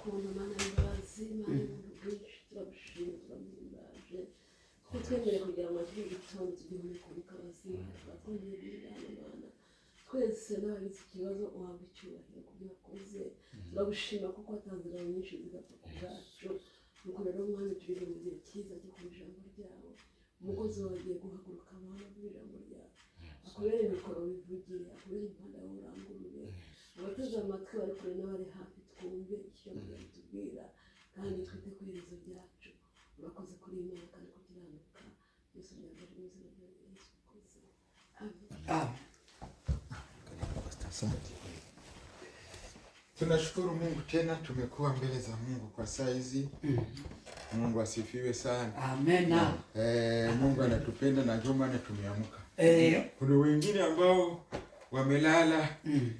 ukuntu mana imbabazi mana mm. ibintu byinshi turagushimye turahimbaje kuko twemereye kugira ngo agire igitonzi igihumeka mu kabazi mm. turakomeye bingana mana twese n'abagize ikibazo uhabwa icyubahiro ku byo wakoze mm. turagushima kuko watanzira nyinshi zigapfa ku bwacu nuko rero umwami turiga mu gihe cyiza cyo ku ijambo ryawe Umugozi wagiye guhaguruka amahanga mu ijambo ryawe akorere mikoro bivugire akorere impanda y'uburanga abateze amatwi n'abari hafi twumve icyo mm-hmm. batubwira kandi twite ku iherezo ryacu urakoze kuri iyi myaka byose tunashukuru mungu tena tumekuwa mbele za mungu kwa saizi mm-hmm. mungu asifiwe sana eh, mungu anatupenda na ndio maana tumeamka eh. kuna wengine ambao wamelala mm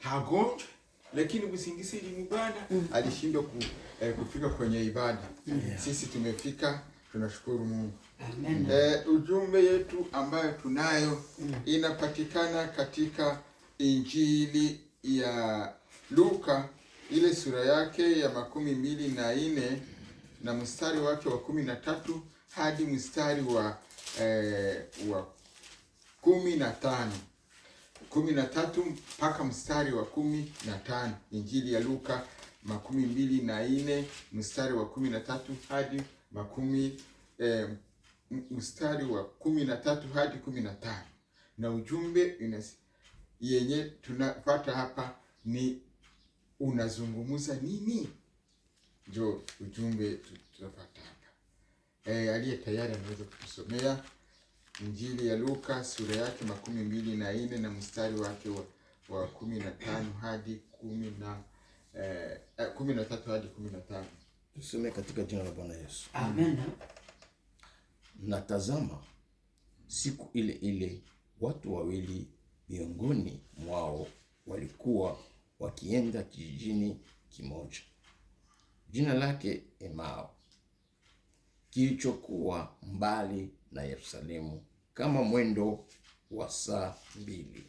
hagonjwe, lakini usingizi ilimubana mm. alishindwa ku, eh, kufika kwenye ibada yeah. Sisi tumefika, tunashukuru Mungu. Eh, ujumbe yetu ambayo tunayo mm. inapatikana katika Injili ya Luka ile sura yake ya makumi mbili na nne na mstari wake wa kumi na tatu hadi mstari wa eh, wa kumi na tano kumi na tatu mpaka mstari wa kumi na tano. Injili ya Luka makumi mbili na nne mstari wa kumi na tatu hadi makumi eh, mstari wa kumi na tatu hadi kumi na tano. Na ujumbe inas, yenye tunapata hapa ni unazungumza nini? Jo, ujumbe tunapata hapa. Eh, aliye tayari anaweza kutusomea. Injili ya Luka sura yake makumi mbili na nne na mstari wake wa, wa kumi na tano hadi kumi na eh, eh, kumi na tatu hadi kumi na tano. Tuseme katika jina la Bwana Yesu. Amen. Natazama siku ile ile watu wawili miongoni mwao walikuwa wakienda kijijini kimoja jina lake Emao, kilichokuwa mbali na Yerusalemu kama mwendo wa saa mbili.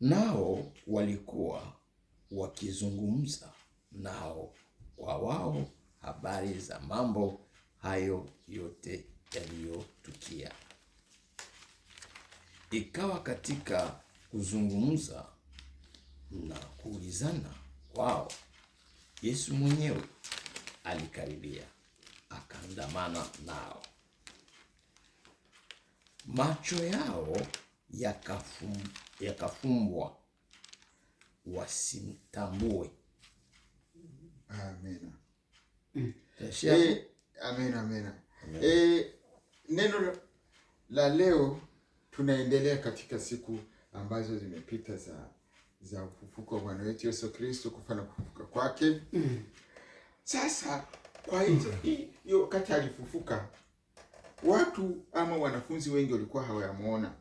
Nao walikuwa wakizungumza nao kwa wao habari za mambo hayo yote yaliyotukia. Ikawa katika kuzungumza na kuulizana kwao, Yesu mwenyewe alikaribia akaandamana nao macho yao yakafum, yakafumbwa wasimtambue. Amina. Mm. E, amina, amina. Amina. E, neno la leo tunaendelea katika siku ambazo zimepita za za ufufuko wa Bwana wetu Yesu Kristo, kufa na kufufuka kwake. Mm. Sasa kwa hiyo mm, wakati alifufuka watu ama wanafunzi wengi walikuwa hawayamuona.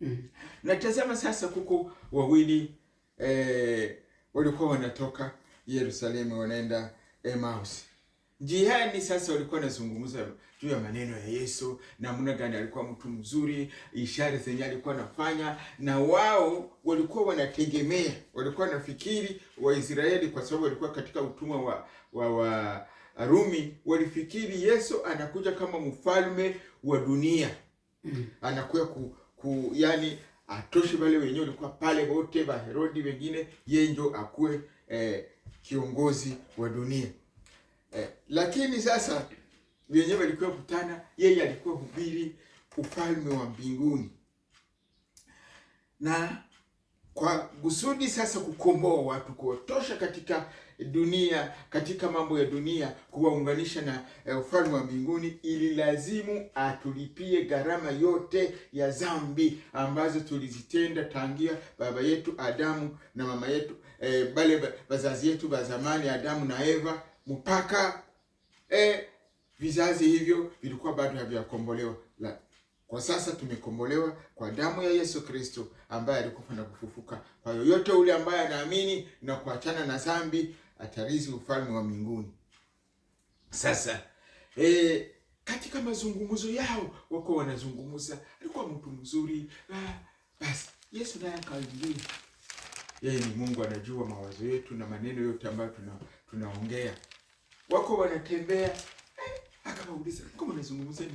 Mm. Natazama sasa kuko wawili eh, walikuwa wanatoka Yerusalemu wanaenda Emmaus. Njiani sasa walikuwa wanazungumza juu ya maneno ya Yesu, namna gani alikuwa mtu mzuri, ishara zenye alikuwa anafanya, na wao walikuwa wanategemea, walikuwa wanafikiri Waisraeli, kwa sababu walikuwa katika utumwa wa wa, wa Arumi walifikiri Yesu anakuja kama mfalme wa dunia mm. anakuja ku, ku yani atoshe wale wenyewe walikuwa pale wote ba Herodi wengine, yeye ndio akuwe eh, kiongozi wa dunia eh, lakini sasa wenyewe walikuwa kutana, yeye alikuwa hubiri ufalme wa mbinguni na kwa kusudi sasa kukomboa watu, kuwatosha katika dunia, katika mambo ya dunia, kuwaunganisha na eh, ufalme wa mbinguni, ili lazimu atulipie gharama yote ya dhambi ambazo tulizitenda tangia baba yetu Adamu na mama yetu e, bale bazazi yetu ba zamani Adamu na Eva mpaka e, vizazi hivyo vilikuwa bado havijakombolewa. Kwa sasa tumekombolewa kwa damu ya Yesu Kristo ambaye alikufa na kufufuka. Kwa yoyote ule ambaye anaamini na kuachana na dhambi atarithi ufalme wa mbinguni. Sasa e, katika mazungumzo yao wako wanazungumza, alikuwa mtu mzuri ah, basi Yesu naye akaingia. Yeye eh, ni Mungu, anajua mawazo yetu na maneno yote ambayo tuna, tunaongea. Wako wanatembea eh, akawauliza kama nazungumza